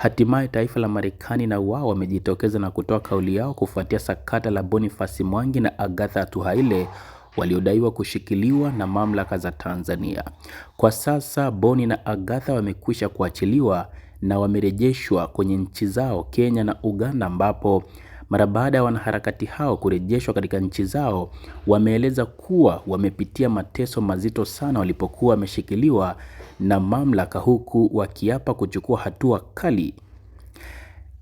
Hatimaye taifa la Marekani na wao wamejitokeza na kutoa kauli yao kufuatia sakata la Boniface Mwangi na Agatha Atuhaire waliodaiwa kushikiliwa na mamlaka za Tanzania. Kwa sasa Boni na Agatha wamekwisha kuachiliwa na wamerejeshwa kwenye nchi zao Kenya na Uganda ambapo mara baada ya wanaharakati hao kurejeshwa katika nchi zao, wameeleza kuwa wamepitia mateso mazito sana walipokuwa wameshikiliwa na mamlaka, huku wakiapa kuchukua hatua kali.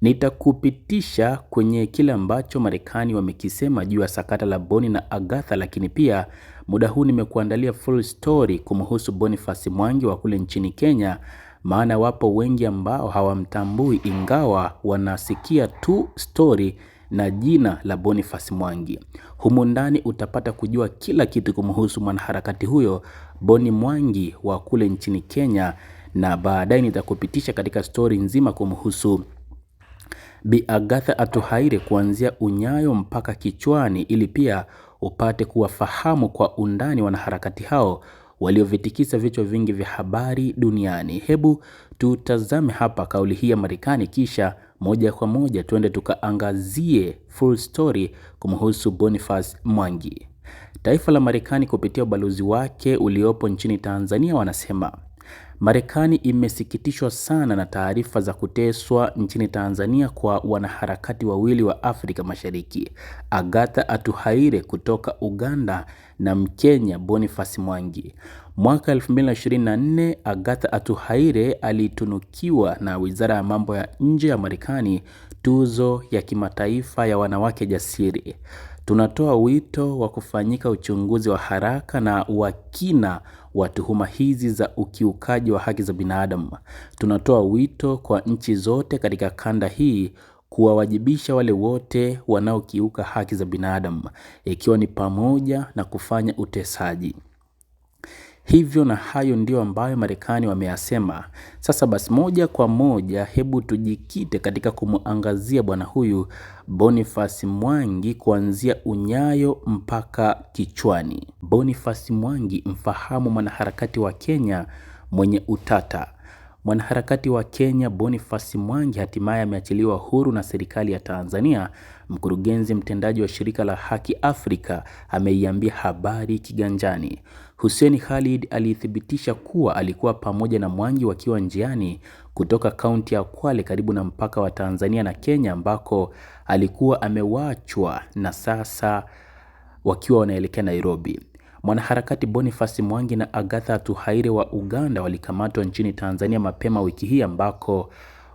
Nitakupitisha kwenye kile ambacho Marekani wamekisema juu ya sakata la Boni na Agatha, lakini pia muda huu nimekuandalia full story kumhusu Boniface Mwangi wa kule nchini Kenya, maana wapo wengi ambao hawamtambui ingawa wanasikia tu story na jina la Boniface Mwangi. Humu ndani utapata kujua kila kitu kumhusu mwanaharakati huyo Boni Mwangi wa kule nchini Kenya, na baadaye nitakupitisha katika stori nzima kumhusu Bi Agatha Atuhaire kuanzia unyayo mpaka kichwani, ili pia upate kuwafahamu kwa undani wanaharakati hao waliovitikisa vichwa vingi vya habari duniani. Hebu tutazame hapa kauli hii ya Marekani kisha moja kwa moja tuende tukaangazie full story kumhusu Boniface Mwangi. Taifa la Marekani kupitia ubalozi wake uliopo nchini Tanzania wanasema Marekani imesikitishwa sana na taarifa za kuteswa nchini Tanzania kwa wanaharakati wawili wa Afrika Mashariki, Agatha Atuhaire kutoka Uganda na Mkenya Boniface Mwangi. Mwaka 2024, Agatha Atuhaire alitunukiwa na Wizara ya Mambo ya Nje ya Marekani tuzo ya kimataifa ya wanawake jasiri. Tunatoa wito wa kufanyika uchunguzi wa haraka na wa kina wa tuhuma hizi za ukiukaji wa haki za binadamu. Tunatoa wito kwa nchi zote katika kanda hii kuwawajibisha wale wote wanaokiuka haki za binadamu, ikiwa ni pamoja na kufanya utesaji. Hivyo na hayo ndiyo ambayo Marekani wameyasema. Sasa basi, moja kwa moja, hebu tujikite katika kumwangazia bwana huyu Boniface Mwangi kuanzia unyayo mpaka kichwani. Boniface Mwangi, mfahamu mwanaharakati wa Kenya mwenye utata Mwanaharakati wa Kenya Boniface Mwangi hatimaye ameachiliwa huru na serikali ya Tanzania. Mkurugenzi mtendaji wa shirika la Haki Afrika ameiambia Habari Kiganjani. Hussein Khalid alithibitisha kuwa alikuwa pamoja na Mwangi wakiwa njiani kutoka kaunti ya Kwale karibu na mpaka wa Tanzania na Kenya ambako alikuwa amewachwa na sasa wakiwa wanaelekea Nairobi. Mwanaharakati Boniface Mwangi na Agatha Tuhaire wa Uganda walikamatwa nchini Tanzania mapema wiki hii ambako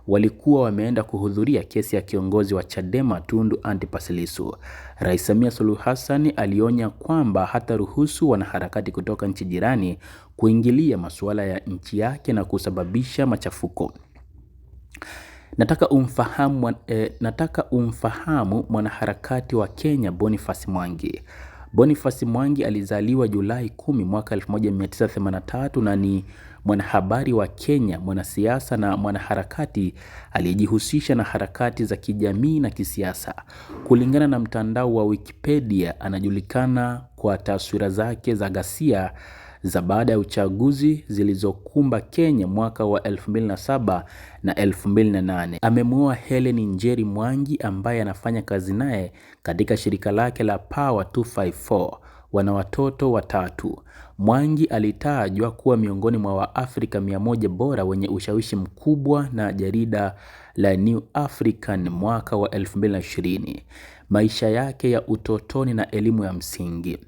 walikuwa wameenda kuhudhuria kesi ya kiongozi wa Chadema Tundu Antipas Lissu. Rais Samia Suluhu Hassan alionya kwamba hataruhusu wanaharakati kutoka nchi jirani kuingilia masuala ya nchi yake na kusababisha machafuko. Nataka umfahamu, eh, nataka umfahamu mwanaharakati wa Kenya Boniface Mwangi. Boniface Mwangi alizaliwa Julai 10 mwaka 1983 na ni mwanahabari wa Kenya, mwanasiasa na mwanaharakati aliyejihusisha na harakati za kijamii na kisiasa. Kulingana na mtandao wa Wikipedia, anajulikana kwa taswira zake za ghasia za baada ya uchaguzi zilizokumba Kenya mwaka wa 2007 na 2008. Amemuoa Helen Njeri Mwangi ambaye anafanya kazi naye katika shirika lake la Power 254. Wana watoto watatu. Mwangi alitajwa kuwa miongoni mwa Waafrika 100 bora wenye ushawishi mkubwa na jarida la New African mwaka wa 2020. Maisha yake ya utotoni na elimu ya msingi.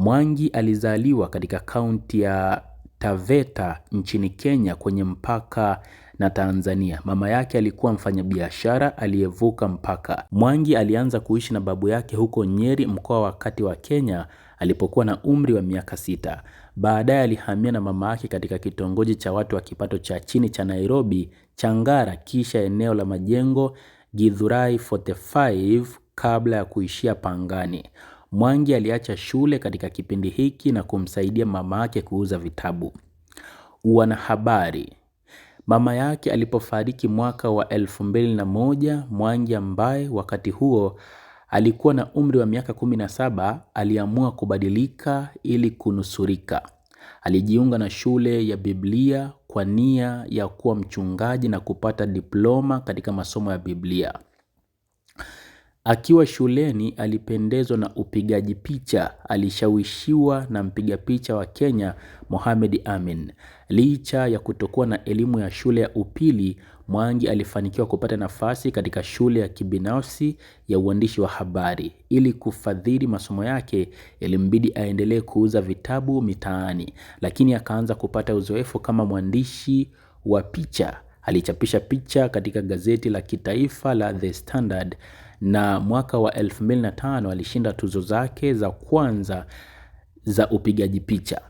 Mwangi alizaliwa katika kaunti ya Taveta nchini Kenya kwenye mpaka na Tanzania. Mama yake alikuwa mfanyabiashara aliyevuka mpaka. Mwangi alianza kuishi na babu yake huko Nyeri mkoa wa kati wa Kenya alipokuwa na umri wa miaka sita. Baadaye alihamia na mama yake katika kitongoji cha watu wa kipato cha chini cha Nairobi, Changara, kisha eneo la majengo Githurai 45 kabla ya kuishia Pangani. Mwangi aliacha shule katika kipindi hiki na kumsaidia mama yake kuuza vitabu. wanahabari Mama yake alipofariki mwaka wa elfu mbili na moja, Mwangi ambaye wakati huo alikuwa na umri wa miaka 17 aliamua kubadilika ili kunusurika. Alijiunga na shule ya Biblia kwa nia ya kuwa mchungaji na kupata diploma katika masomo ya Biblia. Akiwa shuleni alipendezwa na upigaji picha. Alishawishiwa na mpiga picha wa Kenya Mohamed Amin. Licha ya kutokuwa na elimu ya shule ya upili, Mwangi alifanikiwa kupata nafasi katika shule ya kibinafsi ya uandishi wa habari. Ili kufadhili masomo yake, ilimbidi aendelee kuuza vitabu mitaani, lakini akaanza kupata uzoefu kama mwandishi wa picha. Alichapisha picha katika gazeti la kitaifa la The Standard na mwaka wa 2005 alishinda tuzo zake za kwanza za upigaji picha.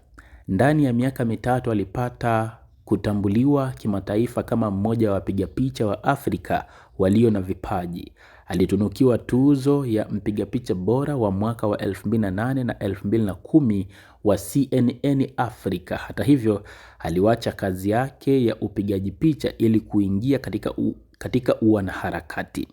Ndani ya miaka mitatu alipata kutambuliwa kimataifa kama mmoja wa wapiga picha wa Afrika walio na vipaji. Alitunukiwa tuzo ya mpiga picha bora wa mwaka wa 2008 na 2010 wa CNN Africa. Hata hivyo, aliwacha kazi yake ya upigaji picha ili kuingia katika, u, katika uanaharakati.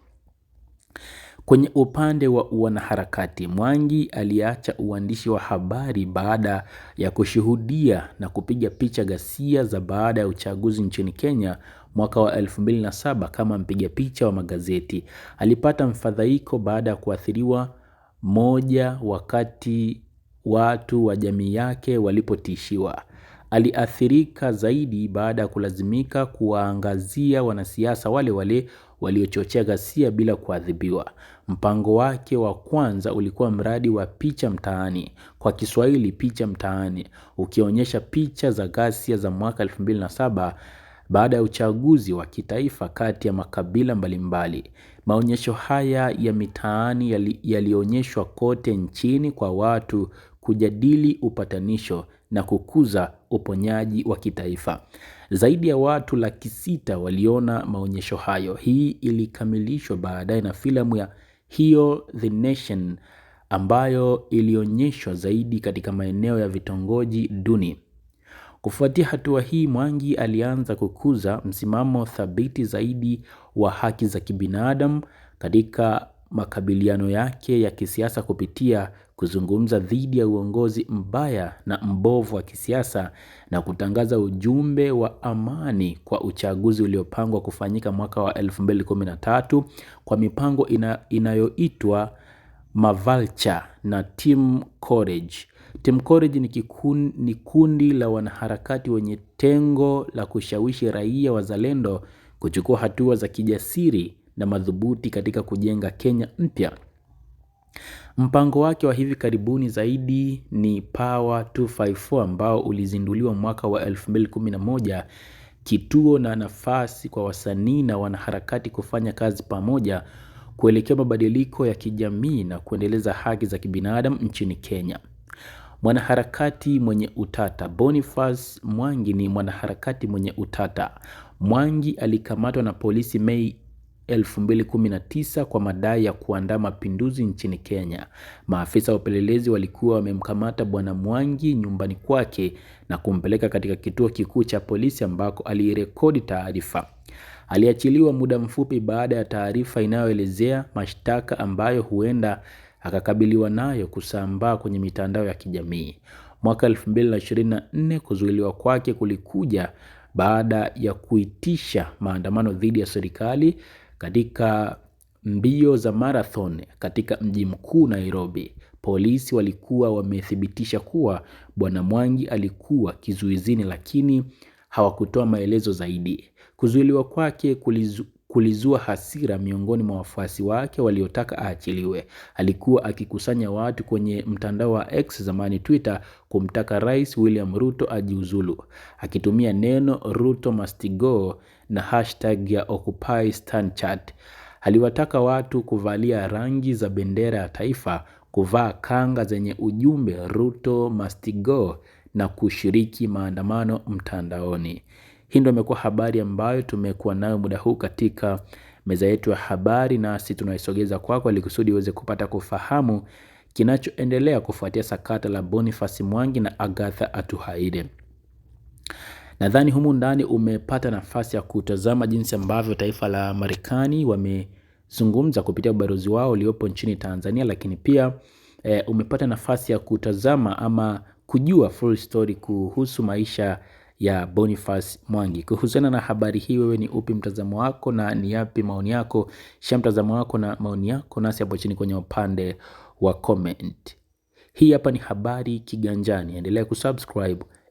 Kwenye upande wa wanaharakati, Mwangi aliacha uandishi wa habari baada ya kushuhudia na kupiga picha ghasia za baada ya uchaguzi nchini Kenya mwaka wa 2007 kama mpiga picha wa magazeti. Alipata mfadhaiko baada ya kuathiriwa moja wakati watu wa jamii yake walipotishiwa aliathirika zaidi baada ya kulazimika kuwaangazia wanasiasa wale wale waliochochea ghasia bila kuadhibiwa. Mpango wake wa kwanza ulikuwa mradi wa Picha Mtaani, kwa Kiswahili Picha Mtaani, ukionyesha picha za ghasia za mwaka 2007 baada ya uchaguzi wa kitaifa kati ya makabila mbalimbali. Maonyesho haya ya mitaani yalionyeshwa kote nchini kwa watu kujadili upatanisho na kukuza uponyaji wa kitaifa. Zaidi ya watu laki sita waliona maonyesho hayo. Hii ilikamilishwa baadaye na filamu ya hiyo The Nation ambayo ilionyeshwa zaidi katika maeneo ya vitongoji duni. Kufuatia hatua hii, Mwangi alianza kukuza msimamo thabiti zaidi wa haki za kibinadamu katika makabiliano yake ya kisiasa kupitia kuzungumza dhidi ya uongozi mbaya na mbovu wa kisiasa na kutangaza ujumbe wa amani kwa uchaguzi uliopangwa kufanyika mwaka wa 2013 kwa mipango ina, inayoitwa Mavalcha na Team Courage. Team Courage ni, kikundi, ni kundi la wanaharakati wenye tengo la kushawishi raia wazalendo kuchukua hatua za kijasiri na madhubuti katika kujenga Kenya mpya. Mpango wake wa hivi karibuni zaidi ni Power 254 ambao ulizinduliwa mwaka wa 2011, kituo na nafasi kwa wasanii na wanaharakati kufanya kazi pamoja kuelekea mabadiliko ya kijamii na kuendeleza haki za kibinadamu nchini Kenya. Mwanaharakati mwenye utata. Boniface Mwangi ni mwanaharakati mwenye utata. Mwangi alikamatwa na polisi Mei 2019 kwa madai ya kuandaa mapinduzi nchini Kenya. Maafisa wa upelelezi walikuwa wamemkamata Bwana Mwangi nyumbani kwake na kumpeleka katika kituo kikuu cha polisi ambako alirekodi taarifa. Aliachiliwa muda mfupi baada ya taarifa inayoelezea mashtaka ambayo huenda akakabiliwa nayo kusambaa kwenye mitandao ya kijamii. Mwaka 2024 kuzuiliwa kwake kulikuja baada ya kuitisha maandamano dhidi ya serikali katika mbio za marathon katika mji mkuu Nairobi, polisi walikuwa wamethibitisha kuwa Bwana Mwangi alikuwa kizuizini lakini hawakutoa maelezo zaidi. Kuzuiliwa kwake kulizu, kulizua hasira miongoni mwa wafuasi wake waliotaka aachiliwe. Alikuwa akikusanya watu kwenye mtandao wa X zamani Twitter kumtaka Rais William Ruto ajiuzulu, akitumia neno Ruto must go na hashtag ya Occupy Chat. Aliwataka watu kuvalia rangi za bendera ya taifa, kuvaa kanga zenye ujumbe Ruto must go na kushiriki maandamano mtandaoni. Hii ndio imekuwa habari ambayo tumekuwa nayo muda huu katika meza yetu ya habari, nasi tunaisogeza kwako ili kusudi uweze kupata kufahamu kinachoendelea kufuatia sakata la Boniface Mwangi na Agatha Atuhaire. Nadhani humu ndani umepata nafasi ya kutazama jinsi ambavyo taifa la Marekani wamezungumza kupitia ubalozi wao uliopo nchini Tanzania, lakini pia e, umepata nafasi ya kutazama ama kujua full story kuhusu maisha ya Boniface Mwangi. Kuhusiana na habari hii, wewe ni upi mtazamo wako na ni yapi maoni yako? Shia mtazamo wako na maoni yako nasi hapo chini kwenye upande wa comment. Hii hapa ni Habari Kiganjani, endelea kusubscribe